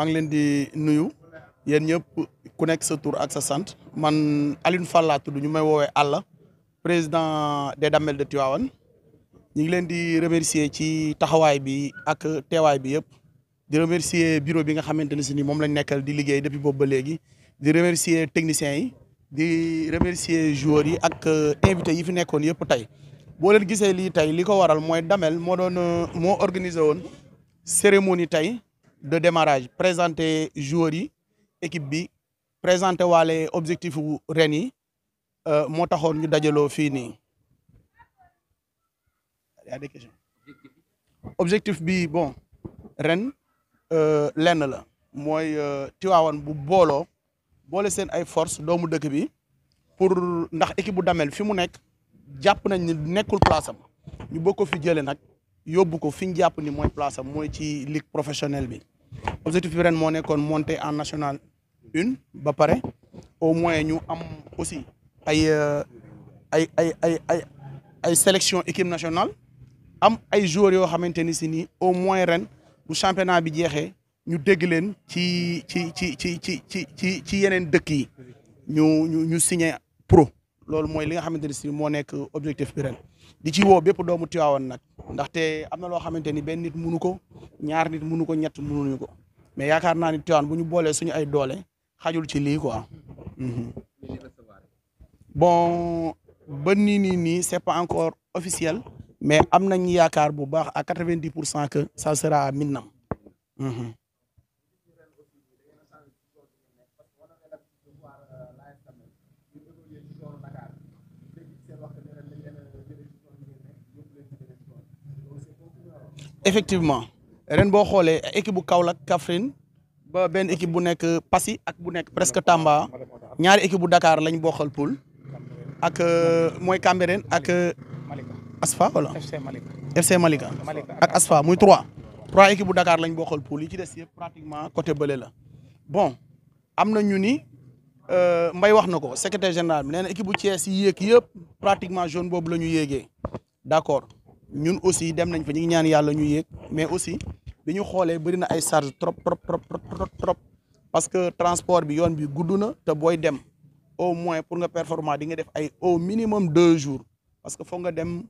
maa ngi leen di nuyu yéen ñëpp ku nekk sa tuur ak sa sant man Alioune Fall laa ñu may woowee Alla président des Damel de Tivaouane ñu ngi leen di remercier ci taxawaay bi ak teewaay bi yëpp di remercier bureau bi nga xamante ne si ni moom lañ nekkal di liggéey depuis boobu ba léegi di remercier techniciens yi di remercier joueurs yi ak euh, invités yi fi nekkoon yëpp tey boo leen gisee lii tey li ko waral mooy Damel moo doon euh, moo organisé woon cérémonie tey de démarrage présenté joueurs yi équipe bi présenté waale objectif wu ren yi euh, moo taxoon ñu dajaloo fii nii y objectif bi bon ren euh, lenn la mooy euh, Tiwaawan bu booloo boole seen ay force doomu dëkk bi pour ndax équipe bu Damel fi mu nekk jàpp nañ ni nekkul place am ñu ko fi jëlee nag yóbbu ko fi ñu jàpp ni mooy place am mooy ci ligue professionnelle bi objectif bi ren moo nekkoon monter en national une ba pare au moins ñu am aussi ay euh, ay ay ay ay ay sélection équipe nationale am ay joueurs yoo xamante ni si nii au moins ren bu championnat bi jeexee ñu dégg leen ci ci ci ci ci ci ci yeneen dëkk yi ñu ñu ñu pro loolu mooy li nga xamante ni si moo nekk objectif bi ren di ci woo bépp doomu Tiwaawan nag ndaxte am na loo xamante ni benn nit munu ko ñaar nit munu ko ñett munuñu ko mais yaakaar naa ni Tiwaawan bu ñu boolee suñu ay doole xajul ci lii quoi. Mhm. bon ba nii nii nii c'est pas encore officiel mais am ñu yaakaar bu baax à quatre-vingt-dix pour cent que ça sera à Minam. Mhm. effectivement ren boo xoolee équipe bu Kaolack Kaffrine ba benn équipe bu nekk Passy ak bu nekk presque Tamba ñaari équipe bu Dakar lañ bokkal poule ak euh, mooy Cambérène ak euh, Asfa wala FC Malika ak Asfa muy trois trois équipe bu Dakar lañ bokkal poule yi ci des yëpp pratiquement côté bële la bon am na ñu ni euh, Mbaye wax na ko secrétaire général bi nee na bu Thiès yi yëpp pratiquement zone boobu la ñu yéegee d'accord ñun aussi dem nañ fa ñu ngi ñaan yàlla ñu yéeg mais aussi bi ñu xoolee bëri na ay charge trop trop trop trop trop parce que transport bi yoon bi gudd na te booy dem au moins pour nga performant di nga def ay au minimum deux jours parce que foog nga dem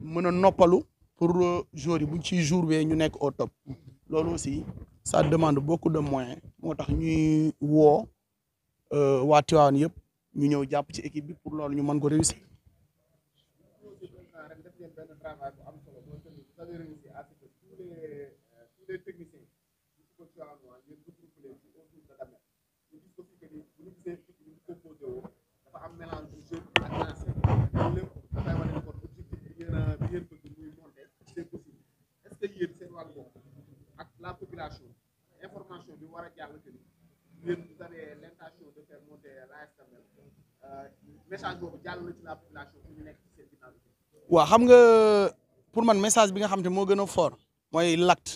mën a noppalu pour euh, jour yi buñ ci jour bee ñu nekk au top loolu aussi ça demande beaucoup de moins moo tax ñuy woo euh, waa Tivaouane yëpp ñu ñëw jàpp ci équipe bi pour loolu ñu mën ko réussir benn travail bu am solo boo tamit vous avez réussi à ce que tous les euh, tous les techniciens yi si ko Tivaouane ngeen regroupé leen ci autour de Damel ñu gis aussi que ni bu ñu gisee équipe bi ñu composé dafa am mélange bu jeune ak ancien loolu lépp wane ne kon objectif bi ngeen a bi ngeen bëgg muy monté c'est possible est ce que yéen seen wàllu bopp ak la population information bi war a jàll que ni yéen vous avez l'intention de faire monter l'AS Damel euh, message boobu jàll na ci la population ñu nekk ci seen ginnaaw waaw xam nga pour man message bi nga xam te moo gën a fort mooy l'acte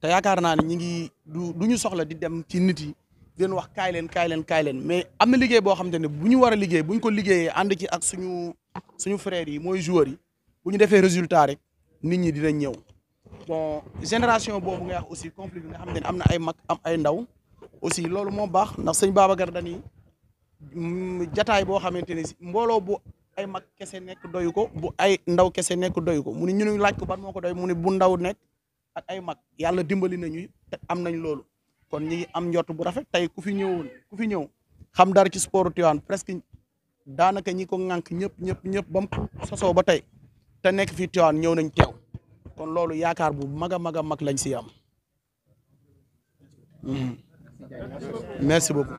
te yaakaar naa ne ñu ngi du du ñu soxla di dem ci nit yi di leen wax kaay leen kaay leen kaay leen mais am na liggéey boo xam te ne bu ñu war a liggéey bu ñu ko ànd ci ak suñu suñu frères yi mooy joueurs yi bu ñu defee résultat rek nit ñi dinañ ñëw bon génération boobu nga wax aussi conflit bi nga xam te ne am na ay mag am ay ndaw aussi loolu moo baax ndax sëñ Babacar dañuy mm, jataay boo xamante ne si mbooloo bu ay mag kese nekk doyu ko bu ay ndaw kese nekk doyu ko mu ne ñu laaj ko ban moo ko doy mu ne bu ndaw nekk ak ay mag yàlla dimbali nañu am nañ loolu kon ñi ngi am njort bu rafet tey ku fi ñëwoon ku fi ñëw xam dara ci sport Tivaouane presque daanaka ñi ko ŋànk ñëpp ñëpp ñëpp ba mu sosoo ba tey te nekk fii Tivaouane ñëw nañ teew kon loolu yaakaar bu mag a mag a mag lañ si am hmm. merci beaucoup